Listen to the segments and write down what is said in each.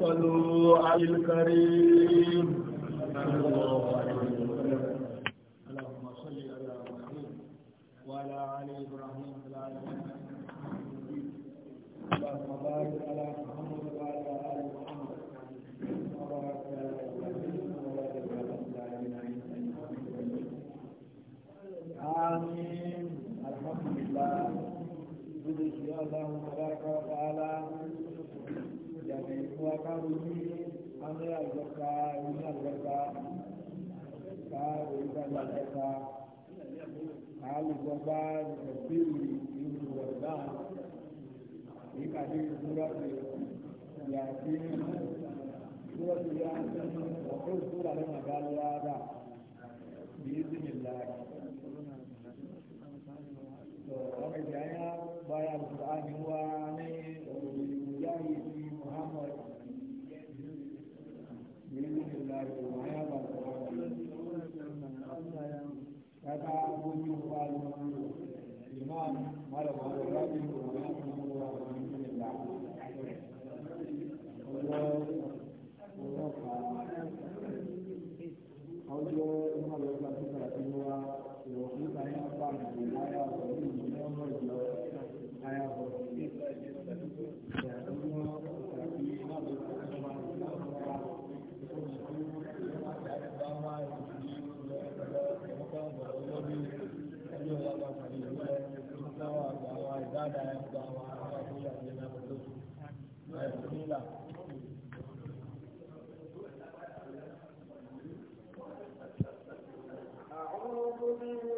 صلوا على الكريم صلى الله عليه وسلم اللهم صل على محمد وعلى ال ابراهيم في العالمين اللهم بارك على محمد ní àlùbọ́sà ní àlùbọ́sà ká òyìnbá ní àlùbọ́sà ká àlùbọ́sà ìfẹ̀síwì ìlú ọ̀dà ìkàdé ìfúrọ́sì yàtí ìfúrọ́sì yàtí ọ̀pọ̀ ìfúrà lẹ́nu àdáyára bíi ìdílé ọmọ ìdí ayá báyà lùkùrá ni wá. mara من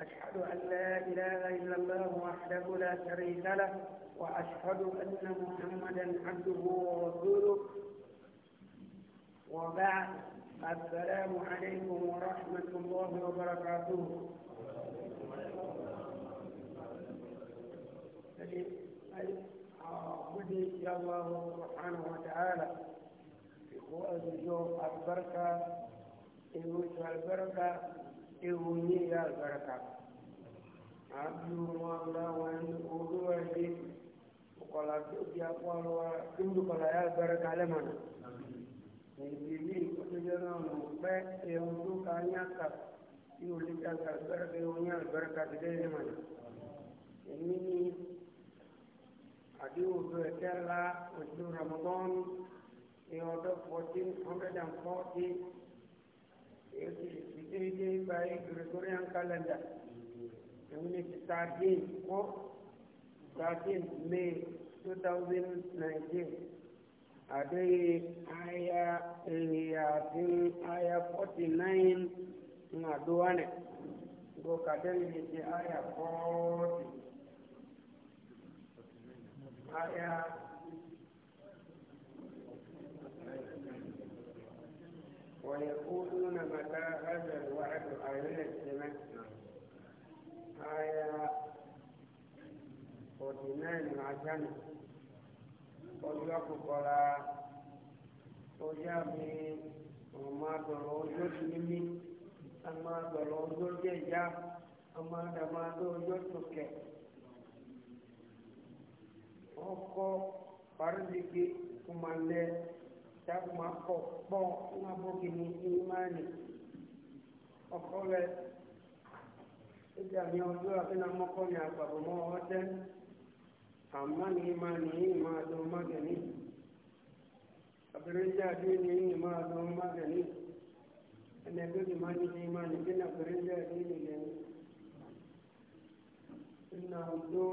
أشهد أن لا إله إلا الله وحده لا شريك له وأشهد أن محمدا عبده ورسوله وبعد السلام عليكم ورحمة الله وبركاته أعبدي يا الله سبحانه وتعالى في قوة الجوع البركة الموت البركة ìròyìn ìyá àgbàràkà àbúrò àwọn olówó ẹgbẹ kọlá tó di akọ ọlọwà kíndù kọlá yà àgbàràkà lẹmọnà ìdílé ìkọsíjọ náà ló pẹ ẹhún tó ká ní àkà tí o lè dàgbà àgbàràkà ẹhún àgbàràkà ti dẹ lẹmọnà èmi ni àdéhùn tó ẹkẹ ńlá oṣù ramadan ní ọdọ fourteen hundred and forty fi daidai bayan gregorian calendar wani tardin ko tardin may 2019 a dai aya yafin aya 49 na duwa ne ko kadar ne ke aya 40 aya ويقولون متى هذا الوعد أن يتمكن آية 49 عشان ọjọ́ kọ̀ọ̀ra ọjọ́ mi ọmọ àgbọ̀rọ̀ ọjọ́ mímí ọmọ àgbọ̀rọ̀ ọjọ́ jẹ̀já ọmọ àdàmọ́dọ́ ọjọ́ tòkẹ́ ọkọ̀ parí gbígbé kó máa lẹ́ takuma kɔ kpɔ ŋa bɔ kini imani ɔkɔ lɛ edi ami ɔdu afi na mɔkɔ ni agbabo mɔ ɔtɛ amani imani ima do magani abirija adi ni ima do magani ɛnɛ do imani ni imani bi na abirija adi ni lɛni ina do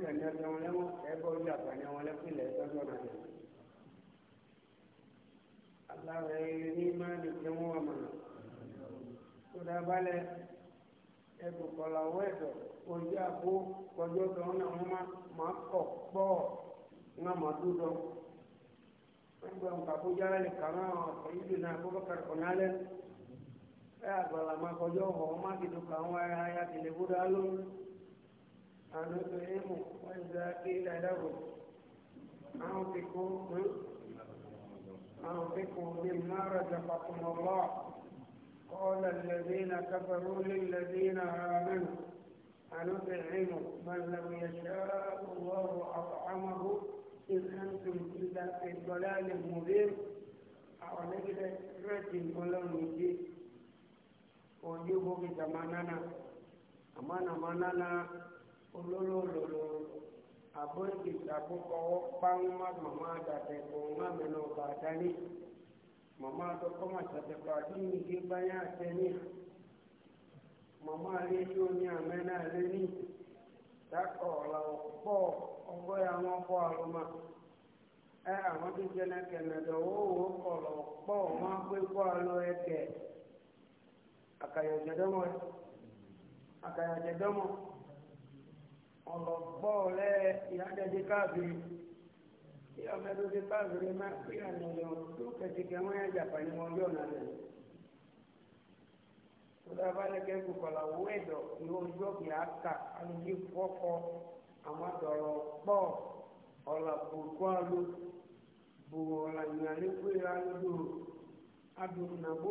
kɛnɛ lɛ wɔn lɛ ɛbɔ yi agbanya wɔn lɛ fi lɛ ɛfɛ sɔ na lɛ láwọn ẹni ní máàlì tí wọ́n wà mọ̀nà tó dábàlẹ̀ ẹ̀kọ́ kọ̀làwọ́ ẹ̀dọ̀ ojú àpò kọjọ́ tó ń náà wọ́n máa kọ̀ pọ̀ ńlá máa dúdọ̀ wọ́n gba nǹkan kó yára lè kàrán ọ̀sán yìí dùn náà kó bá kàrọ̀ náà lẹ́nu ẹ̀ àgbàlá máa kọjọ́ ọ̀họ́ má kìdùn kàwọn ará ayá tẹ̀lé kó dá lóru àná tó ẹ̀mù wọ́n ń gba kí ilẹ̀ dàgbò àwọn ti kó أنفقوا مما رزقكم الله قال الذين كفروا للذين آمنوا أنطعم من لم يشاء الله أطعمه إن أنتم إلا في ضلال مبين أولئك رجل ولم يجد وجوبه بزماننا أمانة منانا olólòlòlò aboki akpụkọ kpanwụ mmadụ mama adatekọ nwa mere ọba adani mama adọkọ machatekọ adịghị ike gbanye ateni mama alili onye amena alili dakọla ọkpọ ọgbọ ya nwa ọkpọ alụma e ahụdị jeneke nedowo owo kọla ọkpọ nwa alụ eke ọ̀rọ̀ gbọ́ rẹ ìyájọ́jẹ́ káàkiri tí ọmọ ẹgbẹ́ ti káàkiri máa pè àyànjọ tó kẹ̀sìkẹ́ wọ́n yẹn jàpá ní wọn yọ̀ náà lẹ̀. tọ́lá bá lẹ́kẹ́ kọ̀kọ̀lá owó ẹ̀dọ̀ ni ojú ọ̀gbìn àkà alùpùpù fọ́kọ àwọn àtọ̀rọ̀ pọ̀ ọ̀là bùkọ́ alu bùrọ̀ ọ̀là ìyàlẹ́ kúrẹ́ra lódò adùn nàbó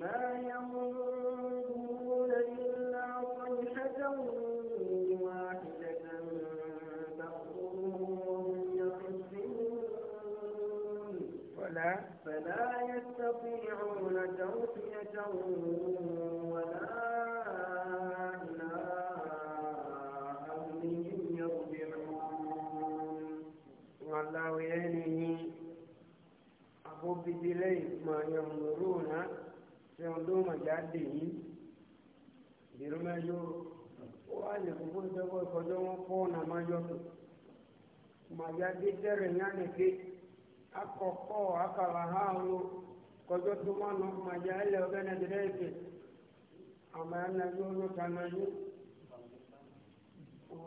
ما ينظرون إلا صيحة واحدة تأخذهم يخزنون فلا فلا يستطيعون توصية ولا إلى أهلهم يرجعون والله يهنيه أحب إليه ما ينظرون olóòmọ̀ jáde yìí ìdèrò máa yọ ó wà ní gbogbo ìjọba ìkọjọ́ wọn kọ́ ọ̀nà máa yọ tó màjáde tẹ̀rẹ̀ yánìké akọ̀kọ́ akàlà ha ló kọjọ́ tó má nọ màjá ẹlẹ́ ọ̀gá nàìjíríà èké àmọ́ ẹ̀ nàìjíríà olóòtú ànájú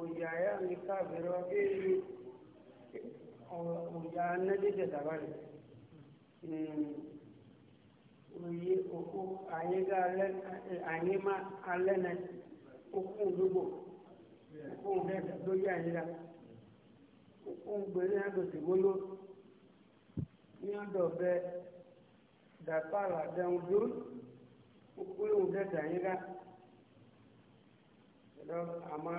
òyà ẹ̀ ní káàbẹ̀rẹ̀ ọ̀gá èyí òyà ẹ̀ nàìjíríà dàbà oye oko anyega alɛ anyima alɛ nɛ oko olugbo oko nɛ lórí anyega oko ngbe ní agbèsè wolo ní ọdọ bɛ dàpá làdẹ ń dúró oko yóò dẹ dà anyega ɛdɔ ama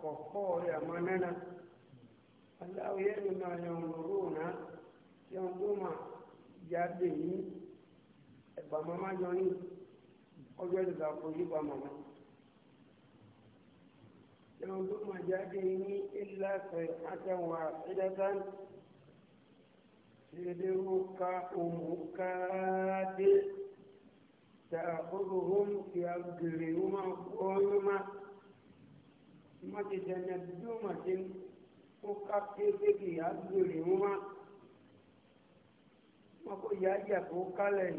kɔkɔ yɛ ama nɛnɛ aláwo yɛ ɛnu náà yɛ ń lòrò náà yɛ ń yá dé yìí ẹ̀gbà màmá jọ ní ọjọ́ ìgbà fojú pa màmá. Yọ̀n tó mà jáde ní ilá sẹ̀ àtẹ̀wà ìdẹ́sán. سرك أمكاد تأخذهم في أجرهم قوما ما تتنبدوما أكفك أجرهم ما كو يجب أكالي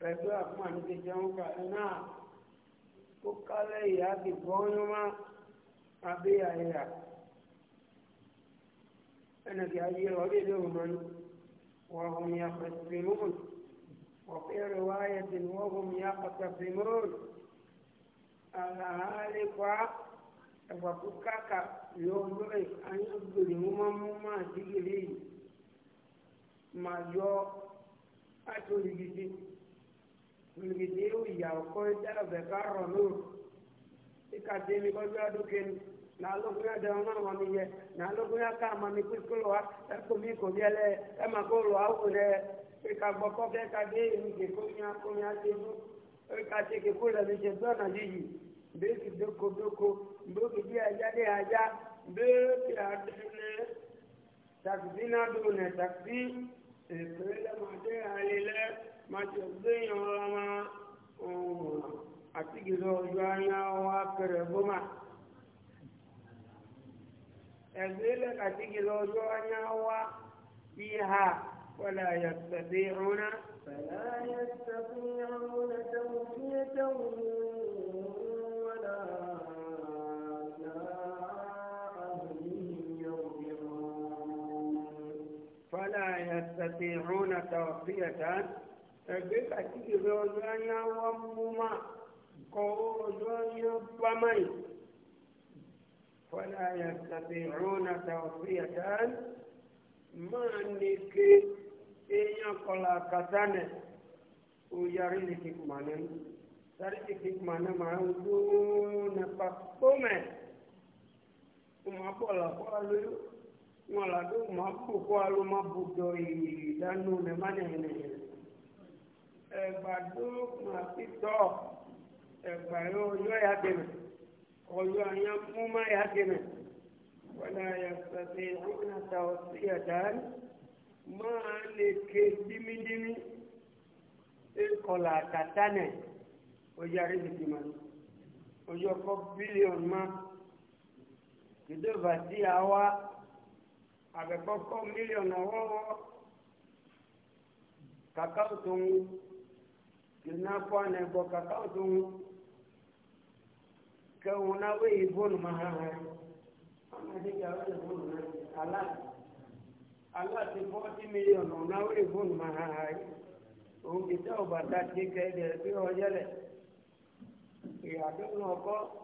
pẹ̀lú àfún àníbi jẹun kàlẹ́ náà ó kálẹ̀ ìyá ti gbọ́nyún mọ́ abẹ́ àyẹ̀yà ẹnìkì ayé ọdún ìlú òmùmọ́ni wọ́n hùn yà pẹ̀sìmì mọ́ọ̀n وفي رواية وهم يقتسمون على هالك وفكك يوضعي أن يظلمهما مما تجري ما جو أتولي wilgidiu yawkoy dala be karro nur ikademi kojoa duken na lokuya dawna mamiye na lokuya ka mami kuskolowa ekomi kobiele emakolo awure ikagboko ke kade mike komia komia tebu ikate ke kula mi se dona jiji beki doko doko mboki di aja de aja beki adene takzina dune takzi ekwele mate alile máa tẹ̀ gbẹ̀yìn ọ̀rọ̀ máa ọ̀hún àti gìlọ ọjọ́ ayá wa kẹrẹ̀ bọ́mà ẹ̀gbẹ́lẹ̀ àti gìlọ ọjọ́ ayá wa ìhà wọlé àyàtẹ̀dẹ̀ ọ̀nà. فلا يستطيعون توفية ولا فلا يستطيعون توفية ẹgbẹ́ kàtìkì rẹ ọjọ́ ayé wá mú mà kọ́ ọjọ́ ayé bá mà yìí. fọlá yàtàbí rúnà tàwọn yàtà máa ní ké èèyàn kọlà kàtánẹ̀ ó yarí ní kíkùmá náà sáré ní kíkùmá náà máa ń dúró nípa kómẹ̀ ó máa bọ̀ làkọ́ àlóyún wọn làdó máa bù kó àló máa bù jọ ìdánù nìmánìyàn nìyẹn. ẹgbà tó máa fi ẹgbà yóò yọ ya dènà ọyọ àyàn mú má ya dènà wọlé ayàtọ̀tẹ̀ ìrìnà tàwọn sí ẹ̀dá máa lè ké dímídímí ìkọlà àtàtà nẹ̀ ojú àríbìtì máa ojú ọkọ̀ bílíọ̀nù máa kìdóba tí a wá àbẹ̀kọ́kọ́ kàkà tó ń gina kwane boka kautun kauna wei ha mahara ama ni ya wei bonu na ala ala ti 40 million ona wei bonu mahara o ki ta oba ta ti de o ya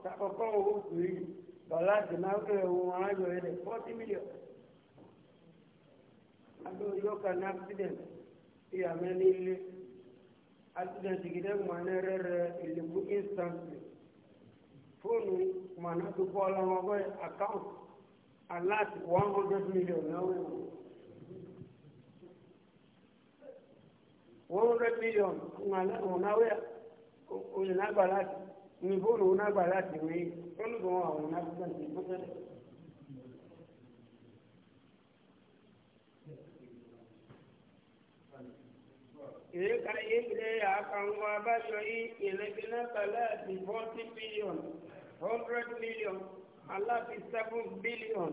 ta o bala o accident ya accident gida manere ilimu instant. phone mana to bola ngo account alert 100 million now 100 million ngala unawe unagbala ni phone unagbala ni phone go unagbala ni phone e ilé àkànwọ́ abájọ ya aka forty billion hundred million aláfi seven ma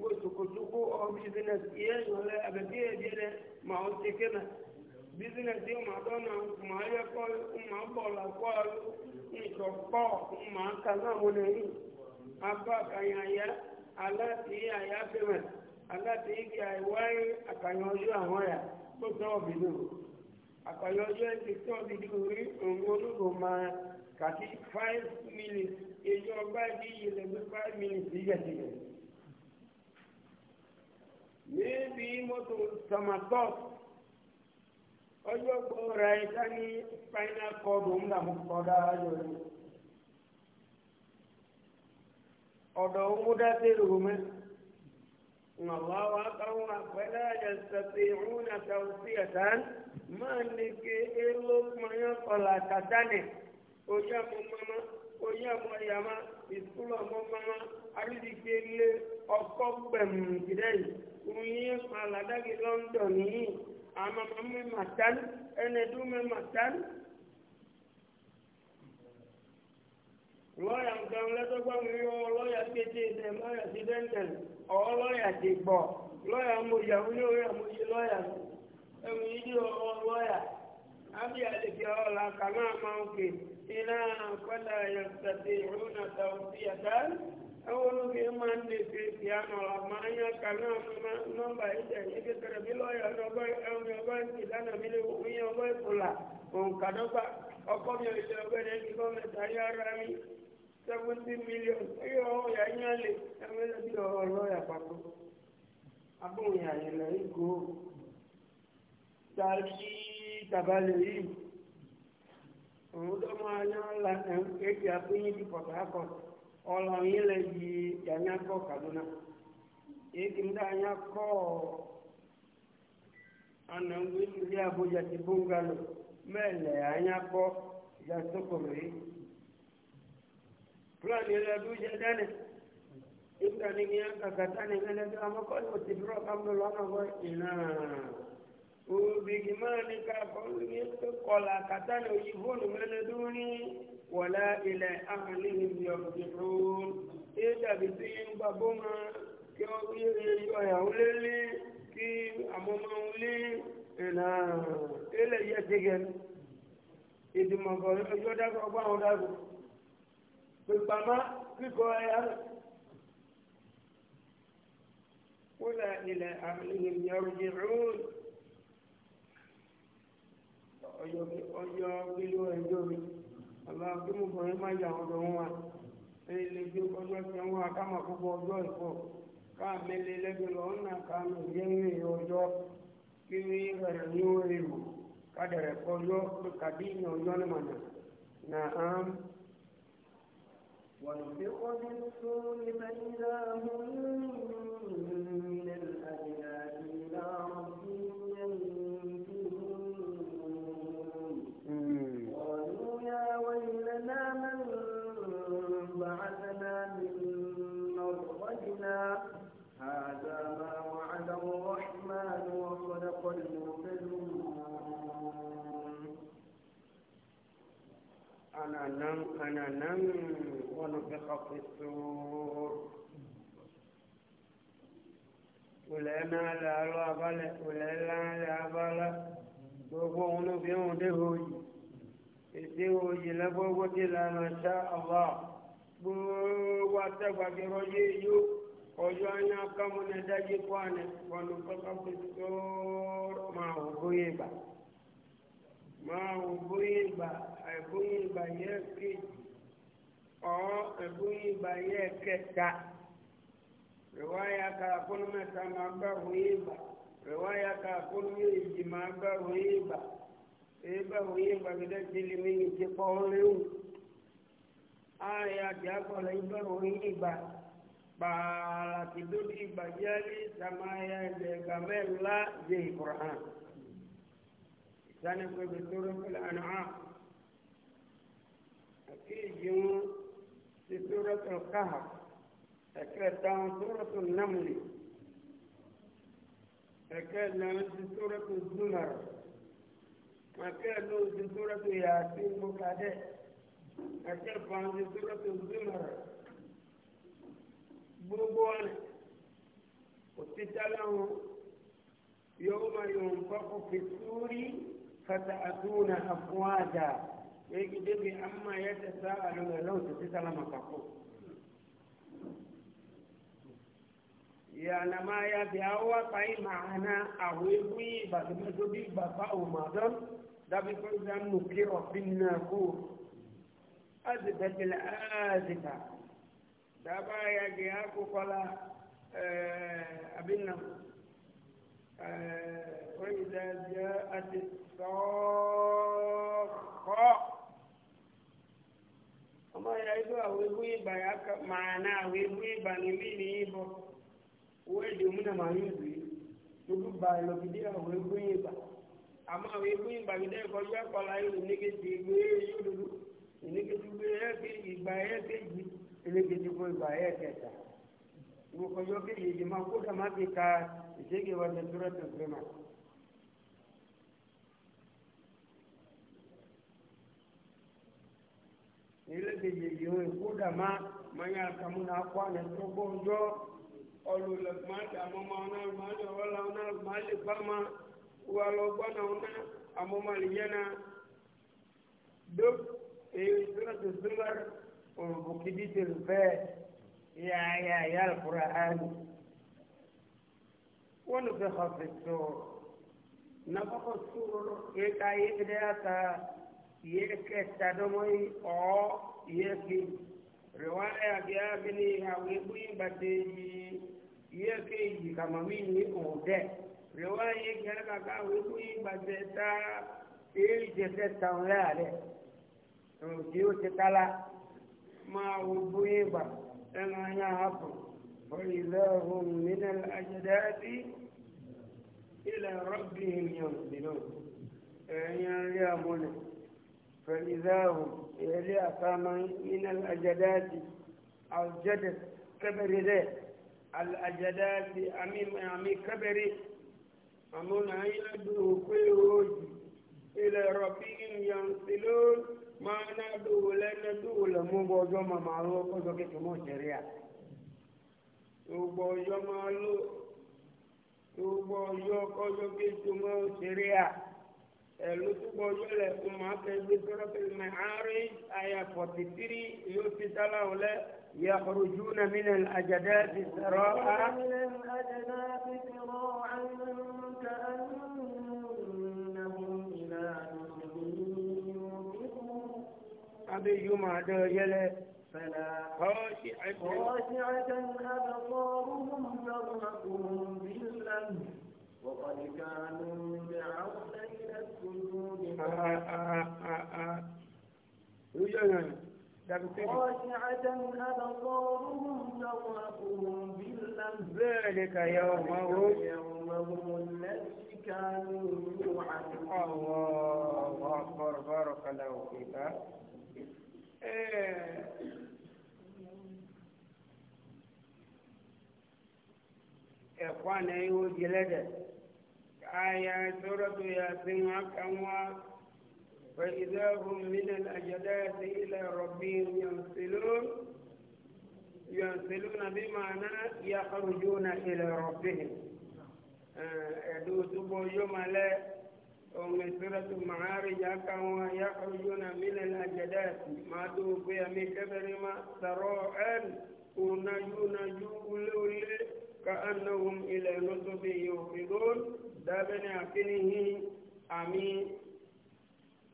wotukutuku of business iyenyole abẹ́bíyẹ̀dẹ́rẹ́ màá ti kéna ma yìí màá dọ́nà màá yẹ kọ́ na bọ̀lá kọ́ nìkan pọ̀ màá kaná wọn ya abá kanyaya ya. tó tọ́ bìlú àpàlọ́ ọjọ́ ti tọ́ bìlú rí òun ológo máa kàti five minutes èyí ọba bí ilẹ̀ gbé five minutes yíyẹ̀tìlẹ̀. níbi mọ́tò tọmatọ́ ọjọ́ gbọ́ra ẹ̀ka ní spinal cord òun làmú kọ́dá ayọ̀ rẹ̀ ọ̀dọ̀ òun mú dá sí èrò والله أقوى فلا يستطيعون توصية ما نكي إلوك ما يطلع تتاني ويا ماما ويا ماما ìsúlọ̀ mọ́mọ́mọ́ àrídìgbé lé ọkọ̀ gbẹ̀mù ìdílé yìí oyin aládàgé london yìí àmàmà mẹ́màtán ẹnẹdún mẹ́màtán lọ́yà nǹkan lẹ́tọ́gbọ́n yóò lọ́yà kété ìtẹ̀ lọ́yà sí dẹ́ntẹ̀ ọ̀ lọ́yà ti gbọ̀ lọ́yà mo yàwó yóò lọ́yà ẹ̀mí yídí ọ̀ lọ́yà ábí àlejò ọ̀la kàmá máa ń kè iná kọ́lá yọ̀tàtì ìrúnà tàwùsí yàtá àwọn olóògbé máa ń lè fi piano máa ń nọ́mbà bí lọ́yà ọ̀dọ́gbọ́n mi wọ́n ọgbọ́n ọkọ mi ò seventy million ẹyọ ọyà yẹn lè ẹgbẹ́ bí ọ̀rọ̀ lọ́ọ̀yà pàtó abóhùn àyẹ̀ lẹ̀ ń gò ó ta kí tabalẹ̀ yìí òun tó máa yán la ètò àpéyìn ti Port Harcourt ọ̀là yìí lẹ̀ di yàrá kọ́ Kaduna èyí kì í dá yàrá kọ́ ọ̀ ana ŋgbé ní Abuja ti bóńgá lò mẹ́lẹ̀ àyàkọ́ ìdásókòrò yìí fulani yana duje dane ibra ni ya kakata ni ngana ga ma ko no tibro kam no lana go ina u bigimani ka ko ni to kola kata ni yivunu ngana duni wala ila ahlihim yarji'un ida bitin babuma ki o yiri yo ya ulele ki amoma ule ina ele yetigen idimagoro yo da ko ba o da ko gbàmá bíbọ ẹyà rẹ. wọ́lá ilẹ̀ àmìlẹ̀ yọrùjì rún. ọyọ bílíọ̀ ẹjọ́ mi aláàbí mo bọ̀ ẹ́ má yà ọ̀dọ̀ wọn wa ẹ̀yẹ lè gbé ọjọ́ tí wọn akáma púpọ̀ ọjọ́ ìfọ̀ káàmì lè lẹ́gbẹ̀ẹ́ lọ ọ̀nà káàmì yẹ́yìn ọjọ́ kí ni rẹ̀ ní ó rè kádẹ̀rẹ̀ kọjọ́ kàdí ìyàn ọjọ́ ní màdà nà án. ونفق في الصور فإذا هم من الأجناد إلى ربهم ينفذون قالوا يا ويلنا من بعثنا من مرضنا هذا ما وعد الرحمن وصدق المرسلون أنا نم أنا نم ونفخ في الصور ولما لا لا بلا ولما لا بلا وقوم بهم دهوي ìdíwòye lẹ́gbọ́gbọ́ tí lànà ṣá àwà gbogbo àtẹ́gbàgbé ọjọ́ èyí ọjọ́ iná kọ́múnà dájú kó àná wọnú kọ́kọ́ fi tó máa wò bóyá ìgbà máa wò bóyá ìgbà àìbóyá ìgbà yẹ kéèjì or ebuyi baye keta riwaya ka kunu meta magba huiba riwaya ka kunu yiji magba huiba eba huiba gida jili mingi kipoleu aya jagola iba huiba bala kidudi bajali samaya legamela je qur'an sana kwa bituru fil an'am akijun في سورة القهر أكاد سورة النمل أكاد في سورة الزمر أكاد في سورة ياسين مكادة أكاد في سورة الزمر بوبوان وتتلهم يوم ينفق في السور فتأتون أفواجا yake dabi amma ya ta sa'alu na lau ta fi salama kako ya na ma ya bi awa kai ma'ana a wegwi ba da mazobi ba ba o madon da bi kun zan nuke ofin na ko azibatil azika da ba ya ga ya kokola abin nan وإذا جاءت الصاخة ọmọ ìyá ibi àwọn ewu ìbà ya ka màá na àwọn ewu ìbà ní ilé ní ibọ owó èdè òmù nà màá yóò rí gbogbo bà lọ bí dé àwọn ewu ìbà àmọ àwọn ewu ìbà bí dé ìkọjú ẹkọlá yóò nígbèsè ìgbé yóò dúdú ìnígbèsè ìgbé ìgbà ẹkẹjì ìnígbèsè ìgbà ẹkẹta ìwòkọjọ kéjì ìdìmọ kó dàmá ti ka ìṣègbè wọn ní túrẹ́tù fúnmá. ilé kejì yìí ń kó dàmá mayà kàmúnà kó àná tó gbọ́njọ́ ọlùlẹ̀kùmáàdì àmọ́mọ́ ọ̀nàlùmáàdì ọ̀wọ́lá ọ̀nàlùmáàdì bámá wà lọ gbọ́nà ọ̀nà àmọ́mọ́lìyẹ́nà dók èyí sọ́nàtò súnmọ́r òrùbùkìdì tèlù bẹ́ẹ̀ yáyà yà lùkùrà áàlù. wọ́n lù fẹ́ xọ́fẹ́ sọ̀rọ̀ nàfọ́kọ̀ sọ̀rọ̀ kéka yé yeketa domoi o yeki riwaya biabini hawibui bateji yekeji kama mini ode riwaya yekiaka kawibui bateta ijetetaulale otiutetala mawubuiba enanya hapo فإذا هم من الأجداث إلى ربهم ينزلون أن يريمونه فإذا هم يلي من الأجداد أو جدد كبر ده الأجداد أمي أمي كبري أمون يدعو كل إلى ربهم ينصلون ما ندعو لندعو لمبوجو ما معلوم كذا كمو شريعة وبوجو معلوم وبوجو كذا كمو شريعة lutubo yele umate bisurati lmaarij aya 43 yuti talaw le يخرجون من الأجداد سراعا من الأجداد سراعا كأنهم إلى أبي جمعة يلا فلا خاشعة خاشعة أبصارهم يرهقون ذلا وقد كانوا بعهد رجعنا ذلك يومهم الذي كانوا يوعدون الله أكبر بارك الله فيك إخوانا يوجد لدى آية سورة ياسين أكمل فإذا هم من الأجداث إلى ربهم ينسلون ينسلون بمعنى يخرجون إلى ربهم يدوسوا يوم لا ومسرة معارج أكوا يخرجون من الأجداث ما توفي من كبر ما سراء ونجو نجو أولي كأنهم إلى نصب يوفدون دابن أكنه أمين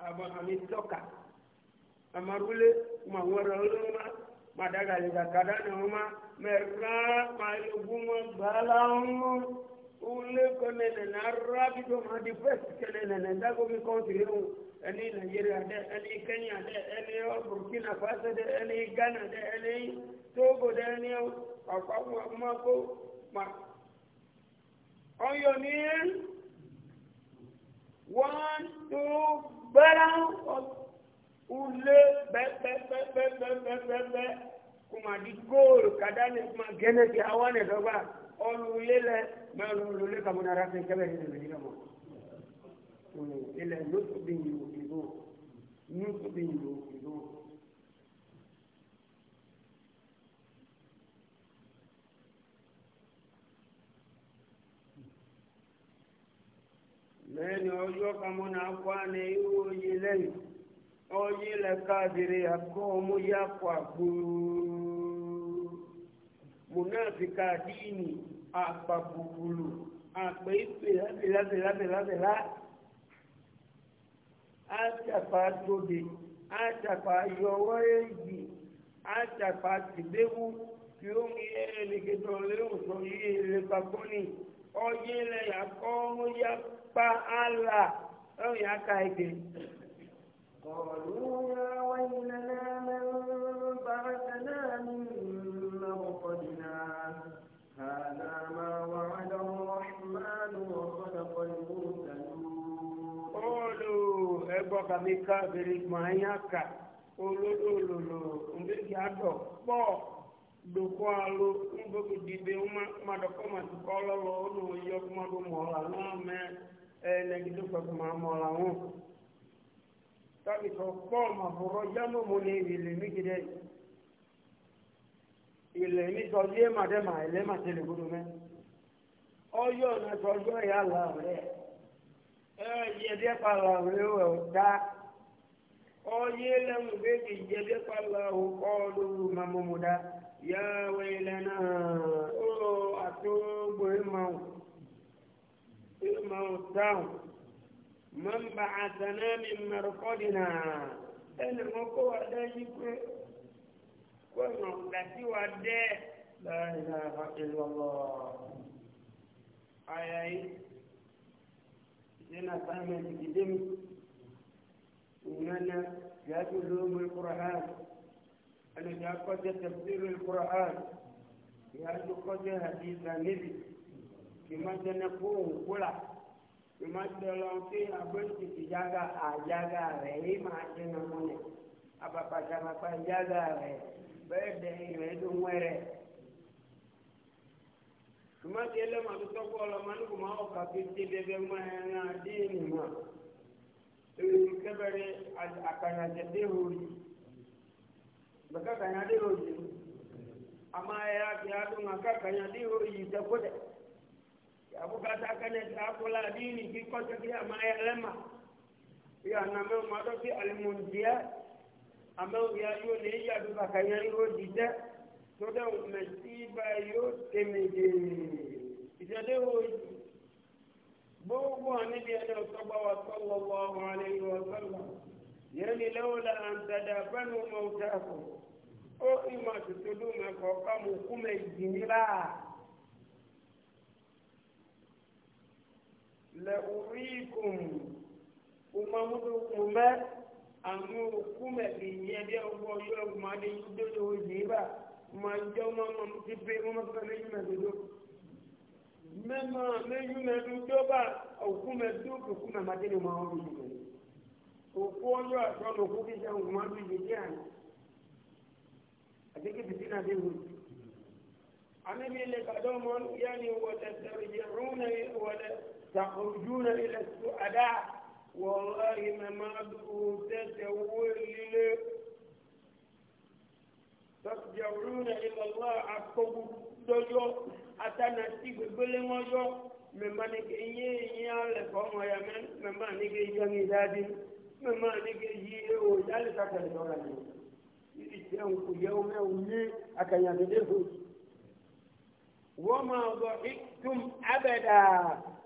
ami tɔka amarule ma ŋmɛrɛ wolo ma ma dagali ka kada ne wo ma mɛ raa ma yobu ma gbala ŋmo wule ko ne nana rabi do ma di fɛsi kɛnɛ nana dago mi kɔntiri ŋo ɛni nigeria dɛ ɛni kenya dɛ burkina faso dɛ ɛni ghana dɛ ɛni togo dɛ ɛni ɔkpa ma ko ma ɔyɔ ni yɛ one two bẹ́rẹ̀ ule bẹ́ẹ̀bẹ́ẹ̀bẹ́ẹ̀bẹ́ẹ̀bẹ́ kùmàdí góòlù kàdáni kuma gẹ́nẹ́ ti àwọn ẹ̀dọ́gba ọlùlé lẹ mẹ́rin olùlé kàmúnà ara fẹ́ kẹ́bẹ̀ nínú ìlú náà ilẹ̀ lóṣù bí yìí òkè bò lóṣù bí yìí òkè. mẹ́rin ọjọ́ kamọ́nà akwane iwo yi lẹ́yìn ọyí lẹ́kàdìrì akọ́ ọmọ yá kọ́ àgbòrò mùnáfíkà díìnì àpapòkùlù àpè ìpè lábẹ́lábẹ́lábẹ́lá àtàpà tóbi àtàpà yọwọ́ èyí àtàpà tìbéwú kí ó ń yẹ ẹnìkejì ọ̀lẹ́wọ̀n sọ yí ilé papọ̀ ọyẹ lẹ yà kọ́ ọmọ yà pa àlà ọ̀hún yà ká ike. قالوا يا ويلنا من بعثنا من مرقدنا هذا ما وعد الرحمن وصدق المرسلون قالوا ابقى بكافر ما يكا olólòlòlò òǹdíjì àtọ̀ pọ̀ do qualo um pouco de bem uma uma do como do qualo ou do yo como do mola não me é e, negito para uma mola um tá me só forma por hoje não vou nem ele me dire ele me só dia mas é mais ele mas ele por um é o yo na só yo é a lá é é dia dia para lá eu é o da o yo é um beijo dia dia para lá o qualo na mumuda yá wẹ̀lẹ̀ náà ó lọ àtúgbò ìmọ̀ọ́ ìmọ̀ọ́ dáhùn mọ́nbà àtànámi mẹ́rọ̀kọ́dìnà ẹnì wọn kó wa dájú pé kó ọ̀nà gàtí wa dẹ́ láìlà ìlọ́lọ́ àyà yìí ìdíná sáyẹn ti dé mi ìnáná yàtú lóògùn kúrò hàn ẹlòmí akọjẹ tẹfsiru alukur'an ìyájú kọjẹ hadiza níbi ìmọ̀jẹ̀nẹ kó òǹkúra ìmọ̀jẹ̀lọ pé abẹ́sìtì yága àyága rẹ̀ yìí máa jẹ́nà mọ́lẹ̀ abapàtàpàpà yága rẹ̀ bẹ́ẹ̀ dẹ̀ ìrẹ́ dùn wẹ́rẹ́ ìmọ̀jẹ̀lẹ̀ máa tó tọ́kọ̀ ọlọ́mọdún kò máa ọ̀kà pété bẹ́ẹ̀ máa ń rán adé nìmọ̀ èyí kẹ́bẹ̀rẹ̀ àkànyàjẹ̀ baka kanya di roji amma ya ki hadu maka kanya di roji ta kuda ya bukata kanya ta kula dini ki kota ki amma ya lema ya na me ma do ki al mundiya amma ya yo ne ya du baka ya di roji ta to da me ti ba yo temeje ijade roji gbogbo anibi ẹni ọtọgbawa sọlọ lọhùn alẹ yìí wọn يعني لولا أن تدافنوا موتاكم أو إما تتلوم فقاموا كم الجنرا لأريكم أمامكم أموركم بيد الله يوم يدلوا جيبا ما جمع من تبعهم فليما تدلوا مما نجم تدوبا أو كم تدوب كم مدين ما هو بيجوا òkú ọjọ́ ẹ̀ṣọ́ ló kú kíṣẹ́ òun máa bí ìdíje àná àti kíbi sínú àti ìwé. Àníbi ilé kàdọ́ mọ́ yá ni wọ̀lẹ̀ tàkùrùjúnà ilẹ̀ tó àdá wọ̀lá ìmẹ̀má dùn tẹ́tẹ̀ owó líle. Tàkùrùjúnà ilẹ̀ lọ́ àkọ́gbù lọ́jọ́ àtànà tí gbégbélé wọn yọ mẹ̀mbà ní kéyìn alẹ̀ fọ́ ọmọ yàmẹ́ mẹ̀mbà ní kéyìn ní ìdádìí mẹ́mọ́ nígbà yí o yálẹ̀ sàkàlẹ̀ lọ́ra ni yìí jẹ́ òkú yẹ o mẹ́ o ní akànyàmídé hù. wọ́n máa bọ̀ ìtum abẹ́dà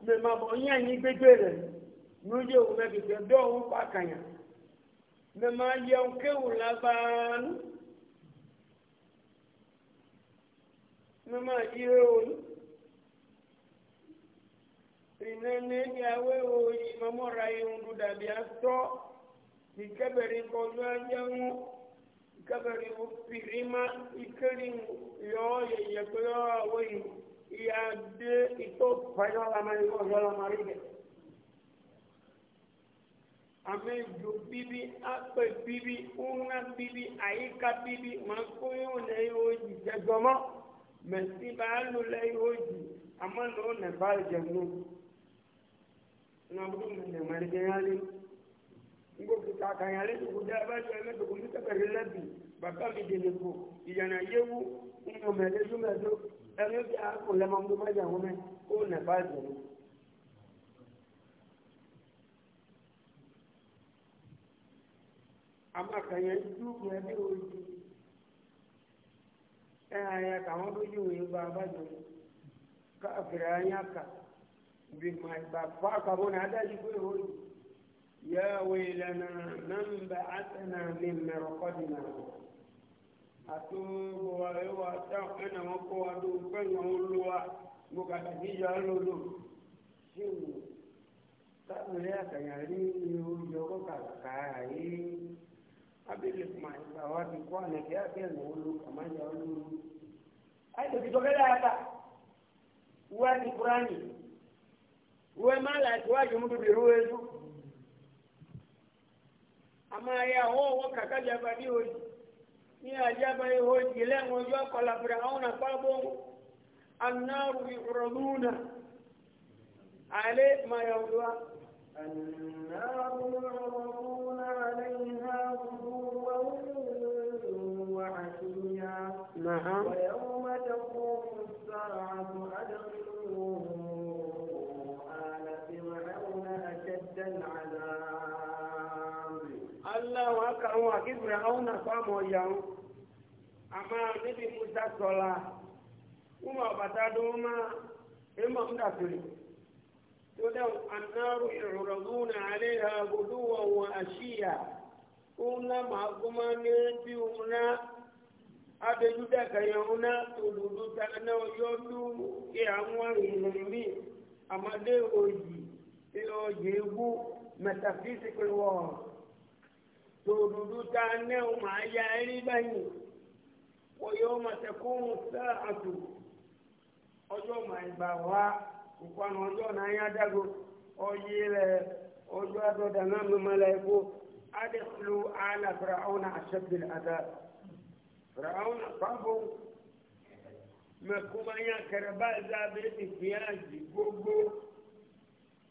mẹ́mọ́ bọ̀ yín àyín gbégbé rẹ̀ ní ojú òkú mẹ́ kìkẹ́ dọ́ọ̀hún pa kànyà mẹ́mọ́ yẹun kéwù lábàánú. mẹ́mọ́ yí o ní ìnáni ẹni awẹ́ o ìmọ̀mọ́ra ihun dúdàbí atọ́ ikebere kodo ajamu ikebere upirima ikeri yo yeye koyo awoi iya de ito payo la mari ko yo la mari de ame jo bibi ape bibi una bibi aika bibi makoyo ne yoji jagomo mesi balu le yoji amano ne bal jamu na bu ne mari de yali ngoku kakanya le tuku da ba tu ele tuku mita ka relabi baka mi de ko ijana yewu ngo mele ju mele ele bi a ko le mamu ma ja home ko na ba ju ama kanya ju ne bi o ju e eh, aya ka won bi ju ba ba ju ka afira anya ka bi ma ba fa ka bona da ju ko ho يا ويلنا من بعثنا من مرقدنا أتوب وأيوة أنا وقوة دوبان أولوة مكتبية أولو شو تأمريا كيارين يوجوكو كاكاي أبيلك ما يتوابي كوانا كيابين أولو كمان أولو أيضا بتوكلا هذا وادي قراني وما لا تواجه مدو بيروه àmọ́ ayé àwọn owó kàkà jaba ní òjì ní àjaba ihò ìdílé àwọn ojú ọkọlá fìrà àwọn àpapọ̀ anáàrù ìrọ̀lúùnà àlẹ́ mayọ̀dúwà. النار يعرضون عليها غدوا وعشيا نعم ويوم تقوم الساعة أدخلوا آل أشد العذاب àwọn aka àwọn àkébìrì àwọn nàfà mọ̀ ìyàwó àmà níbi musa sọ̀la wọ́n mọ̀ bàtà dùn wọ́n mọ̀ èèmọ̀ ń dàtúrì tó dẹ́wọ̀n anáàrú ìrọ̀rọ̀gún náà àlẹ́ ha gbọdọ̀ àṣìyà wọ́n náà máa gbọ́mọ́ ní bí wọ́n abẹ́jú dàgbà yẹn lù kí àwọn òyì tòdùdú tá a nẹ́wò máa ya ẹrí báyìí wọ́n yóò máa tẹ̀kọ́ ohun sá àtò ọjọ́ màá ìgbà wá ìpanu ọjọ́ da na dágo ọyẹ rẹ ọjọ́ àdọ́dà náà mímọ́lẹ̀ ẹ̀kọ́ adẹ́kulu àlà fìràwọn àṣẹ́bìrì àdá za àpapọ̀ mẹ́kọ́ máa gbogbo.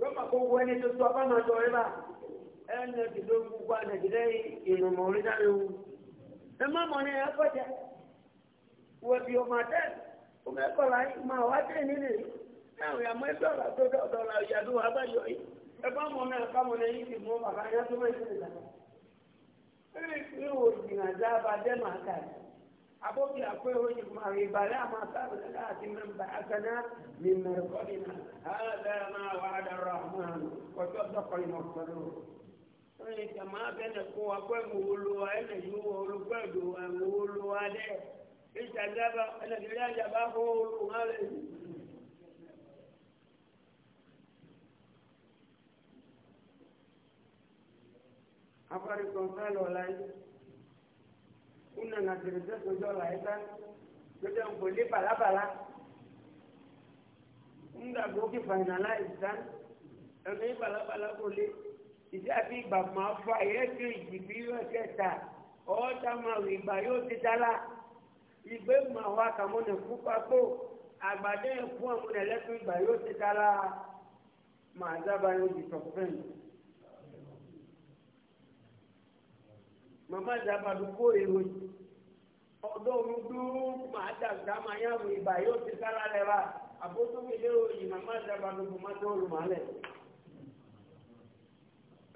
rọ́mà kó wọ ẹni tó tó ọba máa tọ ẹ bá ẹni ẹ̀dùn ló ń gbogbo àdàgídẹ́ ìrùmọ̀ orí sáré wu ẹ má mọ̀ ní ẹ̀kọ́jẹ́ wẹ̀bí ọmọ àtẹ́ ọmọ ẹ̀kọ́ la yìí máa wá dé nílé ẹ̀rù yàmọ́ ẹgbẹ́ ọ̀la tó dọ̀dọ̀ la ìyàdó wa bá yọ yìí ẹ bá mọ̀ náà ká mọ̀ náà yìí ti mú bàbá yẹn tó mọ̀ ìṣẹ̀lẹ̀ dàgbà aboki akwai wani mai bala ma sabu lalatin man ba asana min marqadina hada ma wa'ada ar-rahman wa saddaqa al-mursalun wani kama bene ko akwai muwuluwa yana yiwuwa olugbe duwa muwuluwa de ita gaba ana gida da ba ko oluwa le afarikon falo lai una na tẹ̀lẹ̀tẹ̀ sọjọ́ la yẹn tán lọ́jọ́ ń pèlè balabala ń dàgbò kí finalize tán ẹ̀mí balabala kò lé ìdí àti ìgbà máa fa ìrẹ́sì ìdìbí yóò kẹta ọ̀ọ́ta máa wù ìgbà yóò ti dálá ìgbé máa wá kàmọ́nà fún pákó àgbàdo ẹ̀fún àmúnẹ̀lẹ́fún ìgbà yóò ti dálá màá dábàá yóò di tọ̀fẹ́ǹtì. màmá ìjàmbádu kó èrò yìí ọdọ ọdún dúró máa dàgbà máa yàgò ìbà yóò ti sára rẹ wa àbótó mi lérò yìí màmá ìjàmbádu kò má tó rùmọ́ lẹ̀.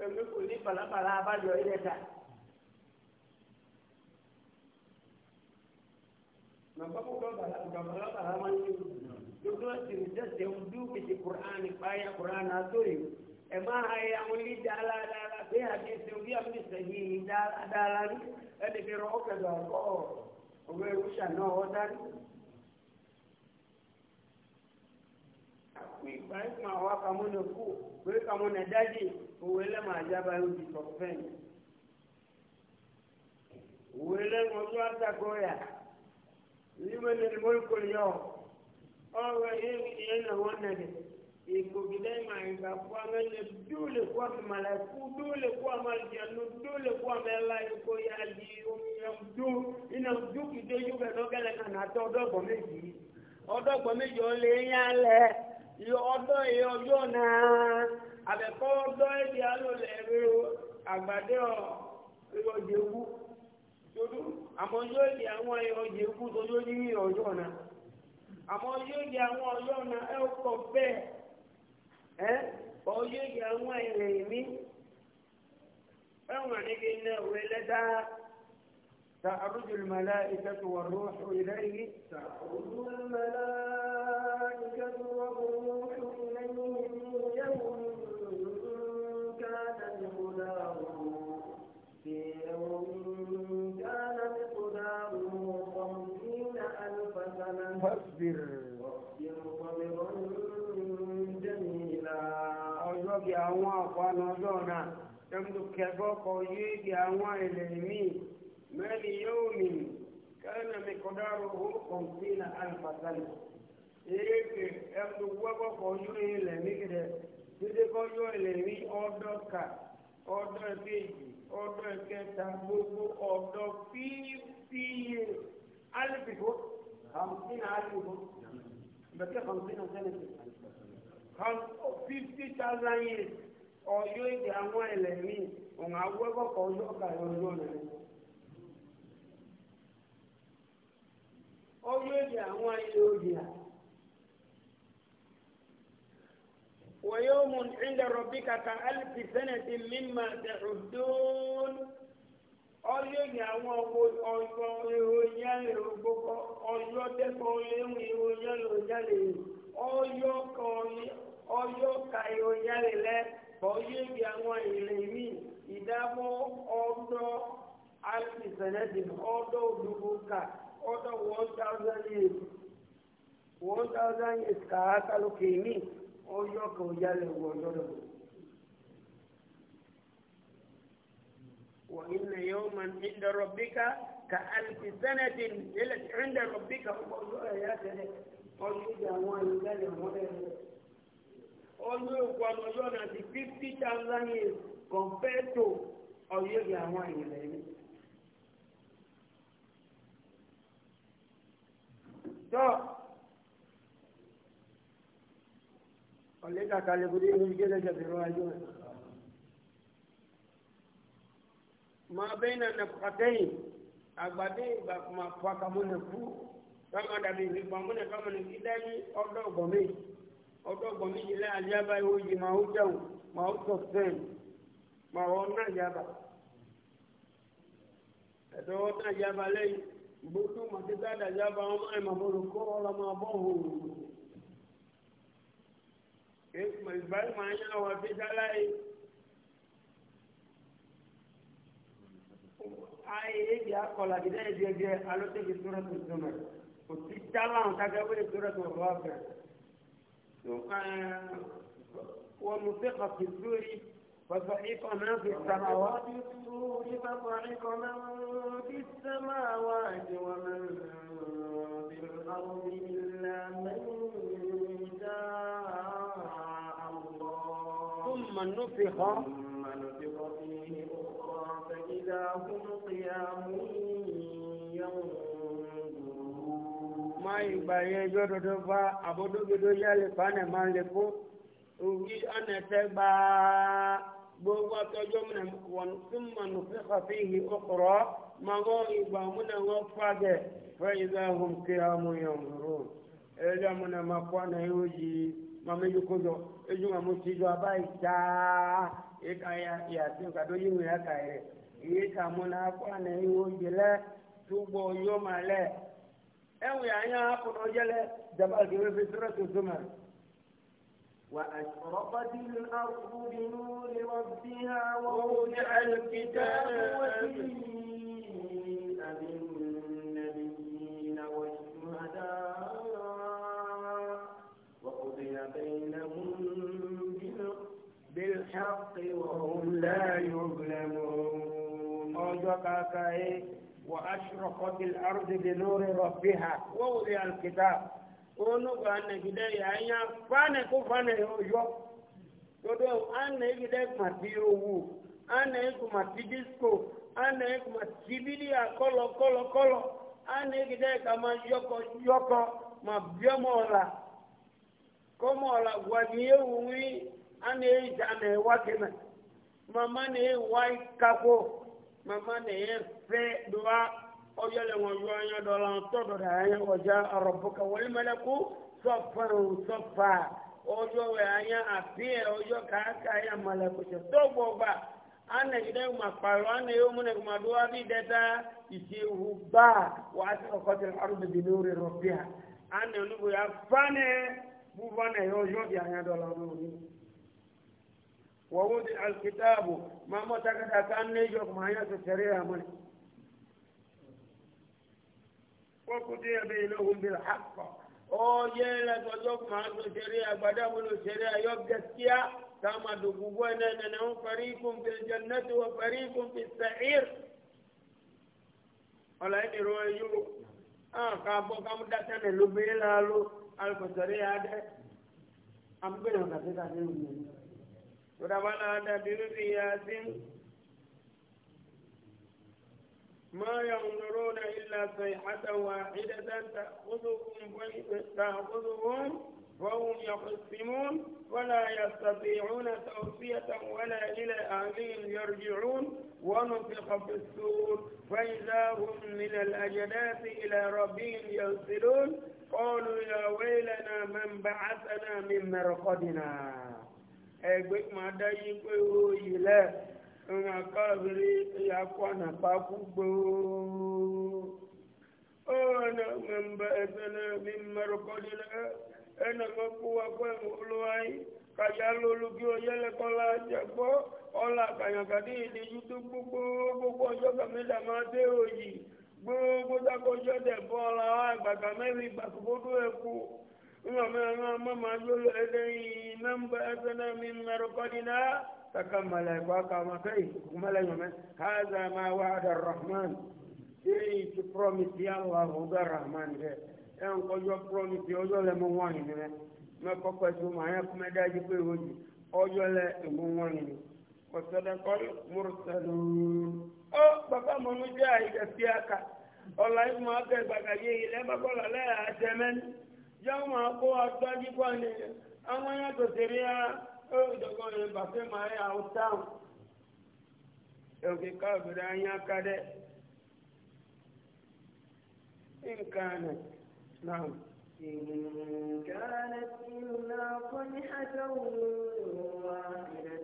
èmi kò ní balabala abájọ ilẹ̀ ta. màmá kò lọ balabala balabala máa ń yí. dókítà tìrì tẹ̀sẹ̀ ń dúró kìtì kùránì báyà kùránì àtòyè ẹ̀ma ayé àwọn ilé dáradára bí àdéhùn òbí àmì sẹ́yìn yìí dáradára ní ẹni fi rọ ọ̀kẹ́dọ̀ ọ̀kọ́ ọ̀gbẹ́ ìwúṣà náà ọ̀ dárí. àpò ìgbà ìgbà wa kàmú ní kú pé kàmú ní dájì òwe lẹ́mọ̀ àjábá yóò di sọ̀fẹ́n. òwe lẹ́mọ̀ ọdún àtàkọ́yà ní mẹ́lẹ́ni mọ́lùkọ́lù yọ ọ̀rọ̀ yẹn náà wọ́n ga a nganye dole kuwa malaiku dole kuwa maljannu dole kuwa melayu ko ya aliyu yamdu ina du ki de yu o le yan le yo odo e ojo na abe ko odo e di alo le re o agbade o yo e jewu todu amo yo e di àwọn to e na di ọyọ yà wọn ẹ̀rẹ̀ mi báwọn àníkè náà wọ ẹlẹ́dá تعرج الملائكة والروح إليه تعرج الملائكة والروح إليه من يوم كان مقداره في يوم كان مقداره خمسين ألف سنة فاصبر àwọn àfààní ọlọ́ọ̀nà tẹmdùkẹ́bọ́ kọ yéèdì àwọn ẹlẹ́mí mẹ́rin yóò mì kẹ́rin mi kọ́dá rohó kọ̀ǹpínà alifasani èyíkè ẹmdùkẹ́bọ́ kọ yóò ẹlẹ́mí kẹ̀dẹ̀ dídé kọ́ yóò ẹlẹ́mí ọ̀dọ́ kà ọ̀dọ́ ẹ̀kẹ́jì ọ̀dọ́ ẹ̀kẹta gbogbo ọ̀dọ́ fífíye alifiko kọ̀ǹpínà alifiko bẹ̀kẹ́ kọ̀ǹpínà sẹ́nẹ̀tì fifty thousand years ọjọ́ èdè àwọn ẹlẹ́mí òun awẹ́kọ̀kọ̀ ọjọ́ kàyọ̀ ọjọ́ rẹ̀. ọjọ́ èdè àwọn ayé òdì à. ويوم عند ربك كألف سنة مما تعدون ọjọ́ ni àwọn ọjọ́ ìròyìn àìrògbòkọ ọjọ́ tẹ́kọ̀ọ́ léwu ìròyìn àìròjálè ọjọ́ kan ọjọ́ kayọ̀ yálẹ̀ lẹ́ bọ́yé bí àwọn ilé mi ìdámọ́ ọdọ́ alìsẹ̀lẹ́dìn ọdọ́ òdúgbòkà ọdọ́ one thousand years one thousand years kàákà lókè mi ọjọ́ kan yálẹ̀ wọ lọ́dọ̀. وإن يوما عند ربك كألف سنة عند ربك أبو يا سنة قل إذا هو يقال always one hundred and fifty thousand years compared to ọ̀yẹ́gì àwọn ìrìnlẹ̀ yìí. tọ́ ọ̀lẹ́gà kalẹ̀ bó dé ní ìgbélé ṣàbẹ̀rọ ayé rẹ̀. máa bẹ́ẹ̀ náà nà pàtẹ́yìn àgbàdé ìgbà máa fọ́ akamọ́nà fún kámọ́dàbí ìgbà mọ́nà kámọ́nà kí dání ọ̀dọ́ ọ̀gbọ̀n mi ọdọ́gbọ̀n méjìlá àjábá ìwò yìí máa ó jẹun máa ó sọ fẹ́ẹ̀n máa wọ́n náà jábá ẹ̀tọ́ wọ́n náà jábá lẹ́yìn gbogbo màtíkà dàjábá wọn máa ìmọ̀ bọ̀rọ̀ kọ́ ọ́ la máa bọ̀ ìbáyìí máa ń yá wọn fi sáláyé. ayé èdè akọlà gidẹ ẹdí ẹdí alótẹ́bi sọ́rọ́ tó sọ́mọ̀ òtítà láwọn kájọ́ wọlé sọ́rọ́ tó rọ́ ọ̀fẹ́. ونفق في الزور فصعق من في السماوات فصعق من في السماوات ومن في الأرض إلا من شاء الله ثم نفخ ثم نفخ فيه أخرى فإذا هم قيام يوم máa ìgbà yẹn ẹjọ́ tuntun fa àbódógidó yálè e ma máa lè kó ana ànẹ̀tẹ́ gbaa gbogbo atọ́jọ́ múnà wọn tún mà nùfẹ́ kàfí ìhì ọkọ̀rọ̀ máa ń ìgbà múnà wọn fàgẹ̀ fẹ́ ìgbà ọ̀hún kí a mú yàn rò ẹ̀rẹ́ múnà máa kọ́ àná yóò yí máa méjì kó jọ ejú máa mú tíjọ abá ìta ìka yàtí nǹkan tó kọ́ lẹ́ lẹ́ ẹ̀wù yà nyà kọ̀dọ̀ yẹlẹ̀ dàbà gèwé fi sọ̀rọ̀ وأشرقت الأرض بنور ربها ووضع الكتاب وجيء بالنبيين والشهداء وقضي بينهم بالحق وهم لا يظلمون. وأشرقت الأرض بنور ربها ووضع الكتاب ونقول أن كده يعني فانا كفانا يوجو todo ana yake da matiyo wu ana yake matidisco ana yake matibilia kolo kolo kolo ana yake da ma yoko yoko mabiomola na mama ne wai mama na ya fe duwa aw yɛlɛ anya dɔ la tɔ dɔ da anya ye o ka walima lɛ ko o sɔfa a k'a k'a ya malɛ kosɛ tɔ bɔ ba an ne ma kparo an ne y'o minɛ kuma duwa bi dɛ taa isihu ba wa a sɔrɔ kɔtɛ y'a fa ne bufa ne y'o jɔ la ووضع الكتاب ما متكتا كان نيجوك ما يأتي شريعة من وقضي بينهم بالحق او يلا تلوك ما يأتي شريعة بدأوا شريعة يبقى السياء كما دقوبونا أنهم فريق في الجنة وفريق في السعير ولا يدي رؤيو آه كابو كم داتنا لبيلالو الكسرية هذا أم بينهم كثيرا ربنا تدل قياس ما ينظرون إلا صيحة واحدة تأخذهم تأخذهم وهم يقسمون ولا يستطيعون توصية ولا إلى أهلهم يرجعون ونفخ في السور فإذا هم من الأجداث إلى ربهم ينسلون قالوا يا ويلنا من بعثنا من مرقدنا ẹgbẹ́ máa dá yí pé ó yìí lẹ̀ ọmọ akáàbírí ìyàpọ̀ ànàpákú gbòòrò ó ẹnà mẹ́mbà ẹgbẹ́ náà mi mẹ́rọ kọ́dí lẹ́ ẹnà mọ́ kó wa pé olúwa yìí kàyà lólu kí o yẹlẹ̀ kọ́lá jẹ̀gbọ́ ọ̀là kàyànkàdé ìdíjú tó gbogbo gbogbo ọjọ́ kàmídà máa dé òyì gbogbo dákọjọ́ dẹ̀ bọ́ ọ̀la wa ìgbàgbà mẹ́rin ìgbàgbọ́ ẹ̀kú. ngama mama lolo edai namba asana min narqadina takamala kwa kama kai kumala me hadha ma wa'ada arrahman iri to promise ya allah huwa rahman de en ko yo promise ojo le mo wani ni me me ko ko su ma ya kuma daji pe hoji ojo le mo wani ni ko sada ko mursalun o baba mo nu ja ida fiaka ọlá ìmọ̀ akẹ́gbàgbà yìí lẹ́gbàgbọ́ lọ́lẹ́ àtẹ́mẹ́ni ya ụmụ kó agbájú pa ni àwọn ya ó mbafe yẹn bàfẹ́ máa yà ó táwọn. Èkè káàbìrì ayé ká dẹ́. Nǹkan إن كانت إلا واحدة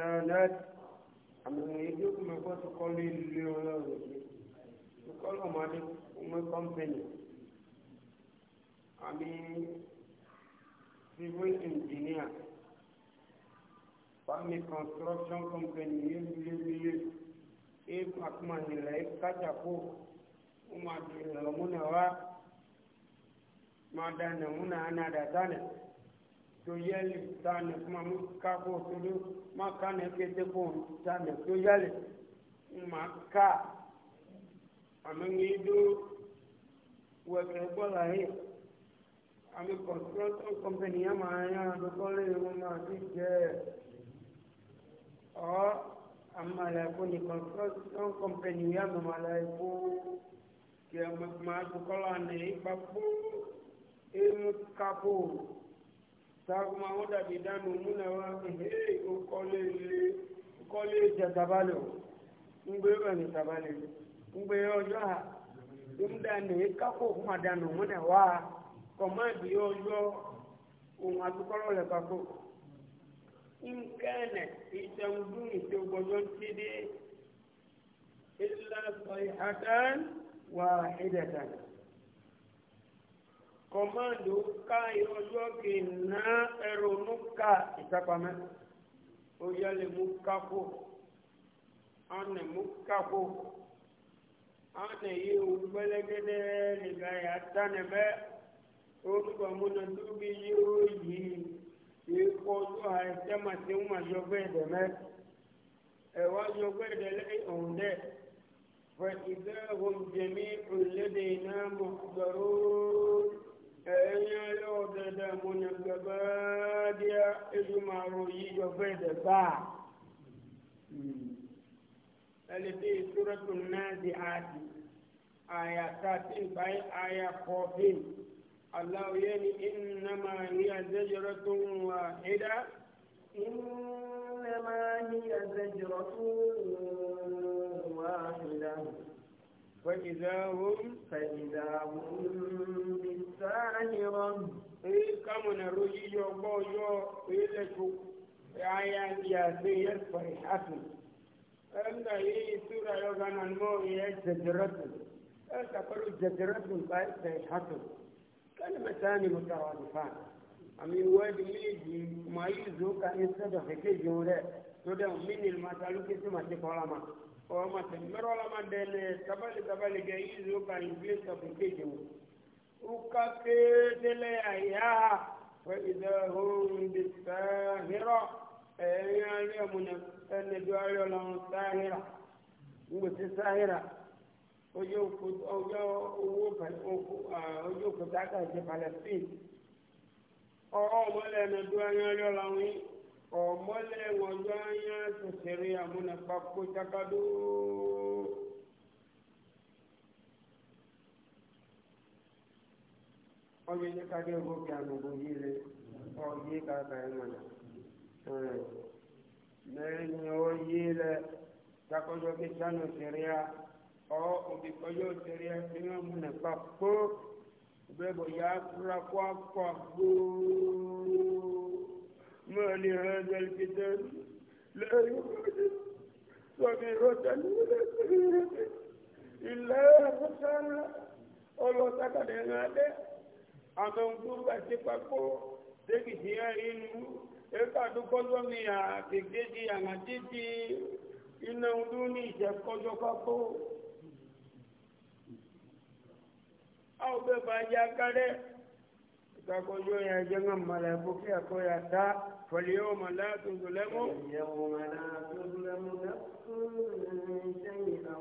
náà àmì ìdí òkùnmọ̀ ẹ̀kọ́ tó kọ́ lé ilé ọlọ́run tó kọ́ lọ́ máa ní ọmọ kọ́mpẹ́nì àmì civil engineer fami construction company yébílé bílé é pàkúmọ̀ nílẹ̀ é kájàpọ̀ ó máa dùn ìrọ̀múnà wá máa dáná múnà ánádàtánà to yɛli tane kuma mu ka ko tudu ma ka ne ke te ko tane to yɛli ma ka ame ŋi do wɛkɛ gbɔ la yi ame construction company ama ya do kɔle mo ma ti jɛ ɔ ama la ko ni construction company ya ma ma la ko kí ɛ ma kɔla ne ba kpó emu kapo sáàkùnmọ́ àwọn dàbí dánù múnà wá ẹ̀hẹ́ ìkọ́lé ilé ìkọ́lé ìjà tabalẹ̀ o ń gbé ẹ̀rọ tabalẹ̀ ń gbé ọjọ́ à ń dànù ìkákò kúmà dànù múnà wá kọ̀mọ́ẹ̀dì ọjọ́ ohun àtúkọ́rọ̀ rẹ̀ kakó ń kẹ́ẹ̀nẹ̀ ìṣẹ̀ǹdún ìṣègbọ́jọ́ ti dé ilé ìṣọ̀ ìhàtàn wà ìdẹ̀tàn. kọmándu ká ìrọjọ́ kì ná ẹrù mú ká ìtàpamẹ́ ó yálẹ̀ mú kákó ọ̀nà mú kákó ọ̀nà yìí o gbẹ́lẹ́gẹ́dẹ́ nìgbà yà tánà bẹ́ orúkọ múná dúbí yóò yìí ikọ̀ ojú àìsẹ́ máa ti ń máa yọgbẹ́ ẹ̀dẹ̀ ẹ̀yẹ yóò dẹ̀dẹ̀ mo ní gbẹ̀gbẹ́ díẹ̀ èyí máa ro yìí jọ fẹ́ dẹ̀ bá a. ẹni tí ìṣúrẹ́tù náà di àdì àyà thirteen báyìí àyà fourteen aláwọ̀ ni ìnáma ní àjẹjọrẹ tó ń wà ẹ̀dá. ìnáma ní àjẹjọrẹ tó ń wà ẹ̀dá. فإذا هم فإذا هم nàró yíyọ ọgbọ́ yọ oyelẹ́kọ aya ya ṣe yẹ fari hafi ẹnna yìí sura yọ gánà mọ yẹ jẹjẹrẹtù ẹ sàkọlù jẹjẹrẹtù bá ẹ fari hafi kẹlẹ mẹta ni mo ta wà nípa àmì wẹ́ẹ̀dì méjì mà ka ní sẹ́dọ̀ kékeré jòun rẹ tó dẹ̀ mí ni màtàlú kí sí màtí kọ́lá ma ọ̀ màtí la ma dẹ̀ lẹ̀ tabali tabali kẹ yí ka ní bí sọ̀kẹ́ jòun. Uka kéé délé àyà. فإذا هم بالساهرة أي يومنا أن دعوا لهم ساهرة وتساهرة ojú kùtà kàṣẹ palestine ọmọlẹ ẹnẹdú anya yọlá wí ọmọlẹ ẹwọjọ anya sẹsẹrẹ amúnapá kó jákàdúró. ọjọ́ yẹ ká dé gòkè àgbègbè yìí lé ọjọ́ ká kà ẹ́ mọ̀ lẹ́yìn ọjọ́ yìí lẹ takọjọ bí sanu sẹ̀ríà ọ òbí kọjọ sẹ̀ríà tí wọ́n mú nípa kó bẹ́ẹ̀ bọ̀ yà á kúra kó akọ gbóòó mọ́ni hàn ẹ̀lẹ́gbẹ̀dẹ́ lẹ́yìn ọdún sọ̀rọ̀ ìrọ̀tẹ̀ ìlẹ́ ọ̀sán ọlọ́sàkàdé ń adé amengumba tipako tekijia inu ekadukozomia tegeji yangatiti inauduni jakojo kapo au bebajakade kakojo yajenga malabuki ako yata فاليوم لا تظلم اليوم لا تظلم نفس شيئا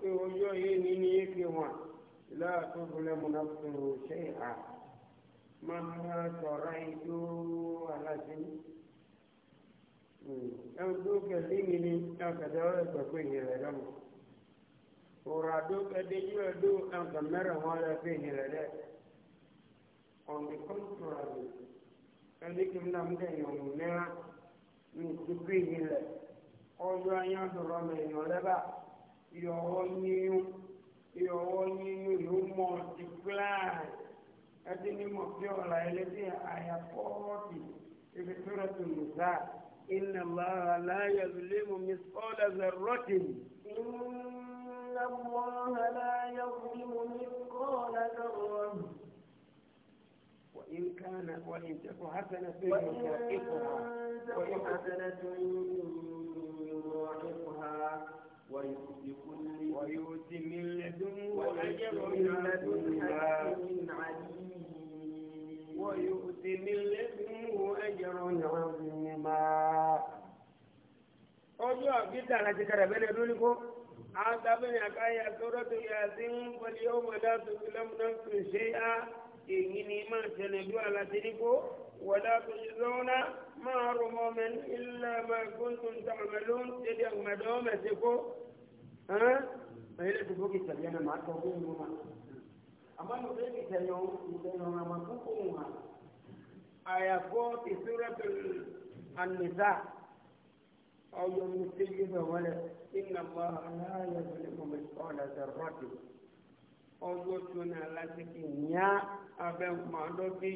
pé ọjọ́ yìí ní ní èké wọn láàtọ́ fúnlẹ̀ múnafúnrò ṣe à máa sọ̀rọ̀ ìjó aláṣẹ hmm. ẹn tó kẹsí mi ní ẹnkẹtẹ ọ̀rẹ́ pẹ̀pẹ́ ìhìnrẹ̀ lọ́mọ òrà tó kẹdé yíyọ tó ẹnkẹ mẹ́rẹ̀ wọn lọ pé ìhìnrẹ̀ dẹ́ on the contrary ẹni kí n nà ń dẹ̀ yàn mí náà ní ìtúkú ìhìnrẹ̀ ọjọ́ ayé ọ̀dọ̀rọ̀ mẹ́yàn lẹ́bàá ìyọ̀wọ́ yíyún ìyọ̀wọ́ yíyún ló mọ̀ ti fúláì ẹtí ní mọ̀ bí ọ̀la ẹlẹ́dẹ̀ àyà fọ́ọ̀tì ibi tó rẹ̀ tó lù sáà. إن الله لا يظلم مثقال ذرة إن الله لا يظلم مثقال ذرة وإن كان وإن تك حسنة يضاعفها وإن حسنة يضاعفها ويؤتي من لدنه أجر من لدنه ويؤتي من لدنه أجر عظيما ọjọ́ àbíta láti kàrà bẹ́ẹ̀ lórí kó a sábẹ́ ní àkáyà tó rọ́tò yà sí ń pẹ̀lú ọmọdé àti ìlànà tó ṣe é á èyí ni máa ṣẹlẹ̀ bí wàhálà ti ní kó wàdà tó ṣe lọ́wọ́ná máa rò mọ́ ọmọ ní ilẹ̀ mẹ́gbọ́n tó ń ta ọmọ ló ń tẹ̀lé ọmọ ẹ̀dọ́ ọmọ ẹ̀ṣẹ̀ kó. ẹ̀yẹ́dẹ̀ tó bókè tẹ̀lé ẹ̀nà máa tọ́ fún mi máa. àmọ́ mo fẹ́ ọjọ́ tó náà láti fi abẹ́ mọ́ọ́dọ́gbé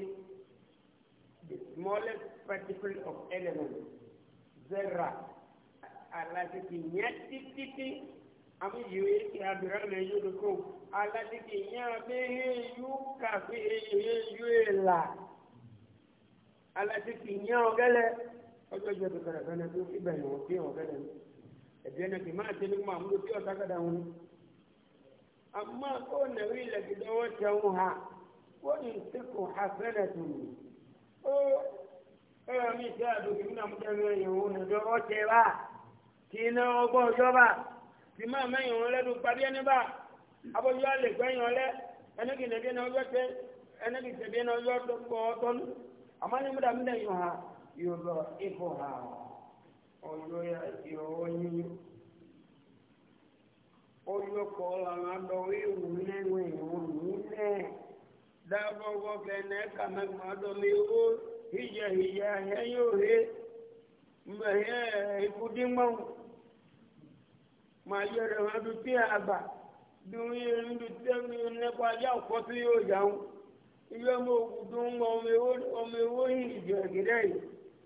the smallest particle of element zera aláti fi yá títí àmì yìí ti àbẹ̀rẹ̀ náà yóò dókò aláti fi yá abẹ́ yóò kàfé yóò là aláti fi yá ọ̀gẹ́lẹ́ ọjọ́ ìjọba kàràkàrà tó fi bẹ̀rẹ̀ wọ́n fi hàn ọ̀gẹ́lẹ́ ẹ̀dẹ́nà kì máa tẹ́lẹ̀ mọ́ àmúlò tí ọ̀sá kàdà wọn ni. amma ko na wila gida wata ha wani suku hasanatu o ebe mi ṣe àdùkú náà mú tẹ́lẹ̀ ìhun nìjọ ọ̀tẹ̀ bá kí iná ọgbọ́n ọjọ́ bá kì máa mẹ́yìn òun lẹ́nu parí ẹni bá abọ́jú àlè gbẹ́yìn ọlẹ ẹnìkì nìjẹ́ náà ọjọ tẹ ẹnìkì tẹ̀lé náà ọjọ tó ní yìí hàn yóò lọ hàn ọjọ yà onye lana dɔ ewu n'ɛŋɛ ɔnu nɛ dabɔgɔ kɛnɛ kame ma dɔ mi wo hidza ya hɛ yɔ he mɛ hɛ ikudi ŋmɔŋ ma yɛrɛ hã do ti agba do yɛ do tɛ mi nɛ kɔ adi akɔtu yɔ dza ŋu iye mo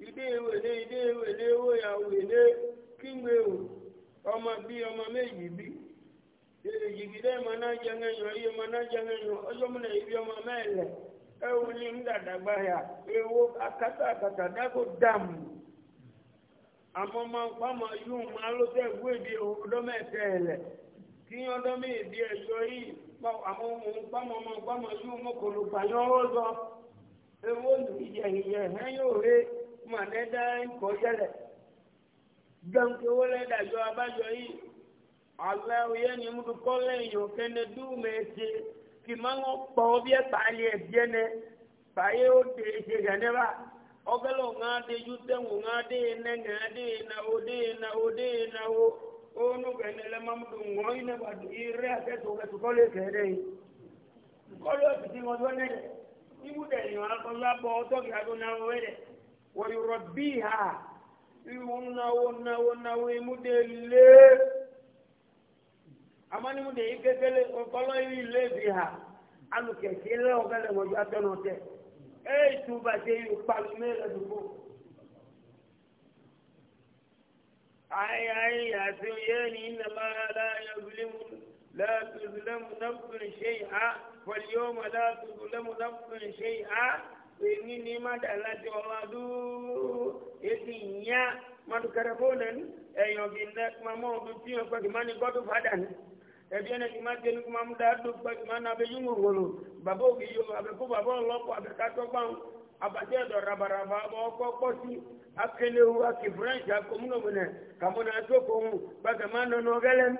yi ide ide wo ya wele kí ŋgbɛ o ọmọ bi. jìbìdẹ́ ìmọ̀nà jẹ́ngẹ̀yàn iye mọ̀nà jẹ́ngẹ̀yàn ọjọ́ múnà ibi ọmọ mẹ́ẹ̀lẹ̀ ẹ̀wọ̀n ní ń dàdàgbà yà ewo akátá àkàtà dákò dàmù àmọ́ máa ń pàmò yóò máa ló tẹ̀ wú èdè ọdọ́ mẹ́ẹ̀tẹ́ ẹ̀lẹ̀ kí ọdọ́ mẹ́ẹ̀dì ẹ̀yọ yìí àmọ́ mò ń pàmò máa pàmò yóò mọ́kòló pàyàn ọ̀rọ̀ ewo ìyẹ̀yẹ̀ hẹ́ yóò ré màdẹ́dá ń kọjẹ́lẹ̀ gbẹ̀ǹkẹ́wọ́lẹ́dàjọ́ abájọ yìí alẹ́ yẹ́ ni mo dukọ́ lẹ́yìn yóò fẹ́ ne du mẹ́ ṣe kì má ń kpọ́ bí ẹ bá yẹ ẹdíẹ́ nẹ bá yẹ ó dé ẹdíẹ́ gàdé bá ọbẹ̀ lọ ń ga dé yúté ń ga dé yẹn nẹ ga dé yẹn nà ó dé yẹn nà ó dé yẹn nà ó ó nu bẹ̀ ní ẹlẹ́ máa mo dùn wọ́n yìí nígbà tó yẹ rẹ́ àti ẹ̀sùn ọ̀gá tó kọ́ lé kẹ́ dẹ́ yìí kọ́ lé ọ̀sìtì wọn tó nẹ́ dẹ́ ní mo dẹ̀ yìí wọn akọ amani mu de yi kekele ɔkɔlɔ yi le bi ha alu kɛse lɛ ɔbɛlɛ mɔdu atɔnɔ tɛ eye tu ba se yi kpalu me lɛ dugu ayi ayi ase yɛ ni nama la yabili mu la tuzulɛ mu nafun se yi ha fɔli yɔ ma la tuzulɛ mu nafun se yi ha èmi ni má dà láti ọlá dúró èsì ìyá madukẹrẹ fóònù ẹ̀yàn bíi nẹ́ẹ̀kì mamọ́ ọdún tí wọ́n pẹ̀lú mání gọ́dún fàdà ni. ebi ti máa tẹnu kó máa abe dáadó pẹ̀lú babo na abẹ́jú ngòngòlò bàbá òkè yóò abẹ́kó bàbá ọlọ́pọ̀ abẹ́kátọ́ gbọ́n rabaraba ọkọ̀ pọ̀ sí akelewu akè french akọmúnàmúnẹ̀ kàmúnà asókòhun gbàgbẹ́ nọ nọgẹ́lẹ́m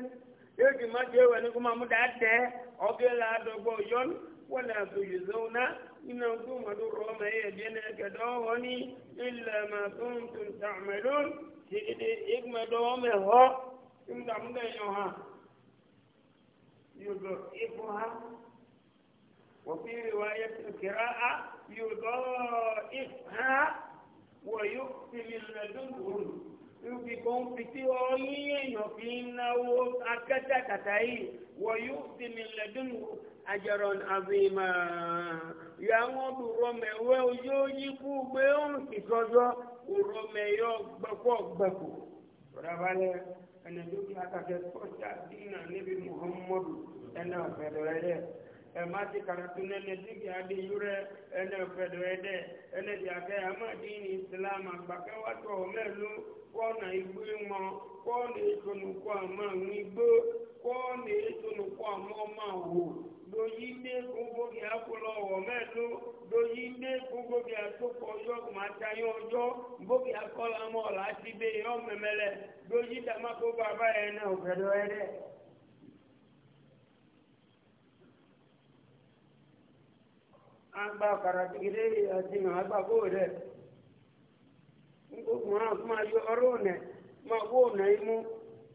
يضعفها وفي رواية القراءة يضعفها ويقتل لدنه يبقون بتيولي يقينه أكتا كتاي ويقتل لدنه أجر عظيما يعود رمي ويجيك بيوم كتوزو ورمي يوك بكوك بكو رفالي ẹnẹdókè akakẹ sọjà dínà níbi muhammadu ẹnà ọfẹdọrẹ yẹ. emati karatu nene digi adi yure ene fedo ede ene di ake ama dini islam agbake watu omelu kwa na igbu imo kwa na etonu kwa ma ngigbo kwa na etonu kwa ma ma wo doyi ne gbogbo gi akulo omelu doyi ne gbogbo gi atoko yo mata yo yo gbogbo akola mo la ti be yo memele doyi dama ko ene fedo ede agba karate gire ati na agba ko re ngo ma ma yo orone ma wo na imu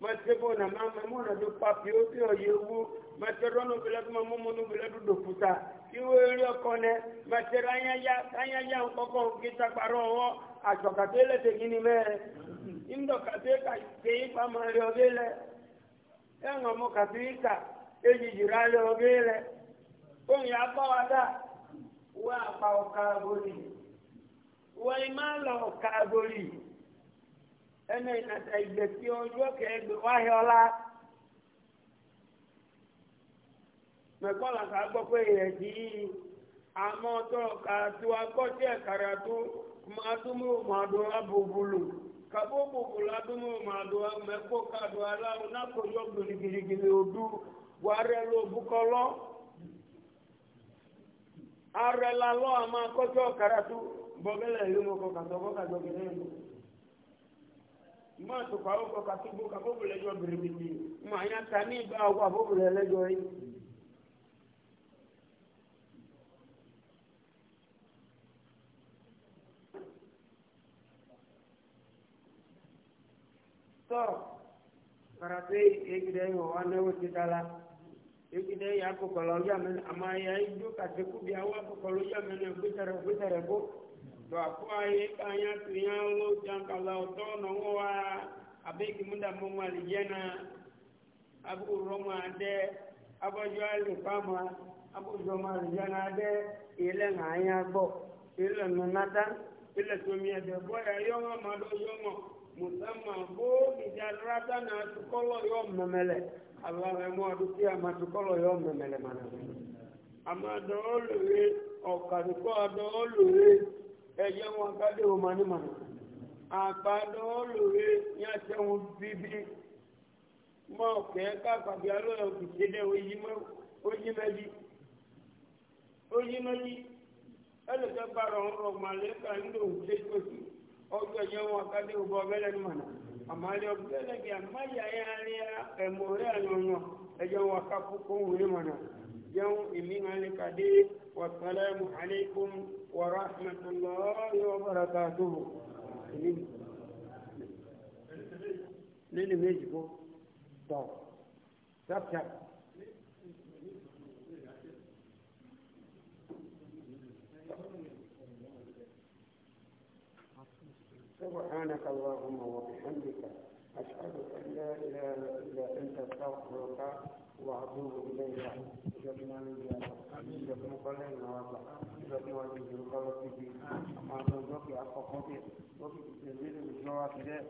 ma se bo na ma ma mo na do papi o ti o yewu ma se ro no bele ma mo mo no bele du do puta iwo ri oko ne ma se ra yan ya yan ya nko ko ki ta o ajo ka te le te gini me indo ka te ka ke pa ma ri o bele e mo ka ti ka e ji jira le o bele o ya ba wa da uwe akpa ụka agori uwe imeala ụka agori enenata igbesi ọjọ ka egbe wahịọla mekpọla ka agbọkwa ihe dị ama ọtọ ka atụ akpọchi ekara atụ madụmụ madụ abụbulu kàbó gbogbo ladumọ màdù mẹkọ kàdù aláwọ nàkọjọ gbìlìgbìlìgbìlì odù wàrẹ arẹ̀lá lọ́ àmà kọ́tọ́ karatu bọ́gẹ́lẹ̀ yìí mo kọ́ kàtọ́ kọ́ kàtọ́ kẹ́lẹ́ yìí mọ́ àtùkọ́ àwọn kọ́ kàtọ́ bó kàtọ́ bó lẹ́jọ́ bìrìbìrì mọ́ àyà ta ní ìgbà àwọn àbó bó lẹ́jọ́ yìí. tọ́ karatu yìí egidẹ́ yìí náwó ti dá la. ikide ya kokolo yamen ama ya idu kase kubi awa kokolo yamen bitere bitere bo do apo aye kanya tuya lo janka la oto no wa abeki munda mumwa lijana abu roma de abojo ali pama abu roma lijana de ile nganya bo ile ile tumia de ya musamman bo ijalrata na atukɔlɔ yɔ mɛmɛlɛ alamɛmɔ aduki ama atukɔlɔ yɔ mɛmɛlɛ mana ama dɔ ɔlòwe ɔkadukɔ adɔ ɔlòwe ọrụ wọn kadé wọn mani mana akpa dɔ ɔlòwe wọn bibi mɔ kɛ kakpabi alo e ka ọjọ́ ìjọ wọn kádé ògbọ́ ọ̀gẹ́lẹ̀ ní mọ̀nà àmàlẹ́ ọ̀gẹ́lẹ̀ bí àmáyà yẹn rí ẹ̀mọ̀ rẹ̀ ànàna ẹjọ́ wọn kápú kóhùn ní mọ̀nà jẹun ìmíhàn lè kàdé wàsálàmù alaykum wa rahmatulahi wa barakatuhu. nínú méjì kó tọ̀ tap سبحانك اللهم وبحمدك أشهد أن لا إله إلا أنت أستغفرك وأتوب إليك جميعا جميعا قلنا وضع جميعا جميعا وفي ما تنظر أخوك وفي تنزيل الجواب إليه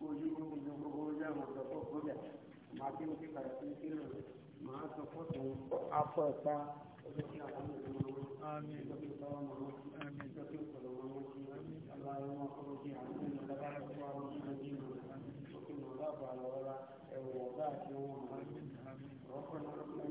كل يوم يوم يوم يوم ما تنسي كرتين ما تفوت أفوتا آمين آمين ìmọ̀ ọkùnrin jẹ́ àwọn ènìyàn lọ́wọ́ àtọ́kọ́ àwọn ènìyàn jẹ́ ìmọ̀ ọkùnrin ọ̀gá àbọ̀ àlọ́ ọ̀la ẹ̀wọ̀ ọ̀gá àti ọmọ màá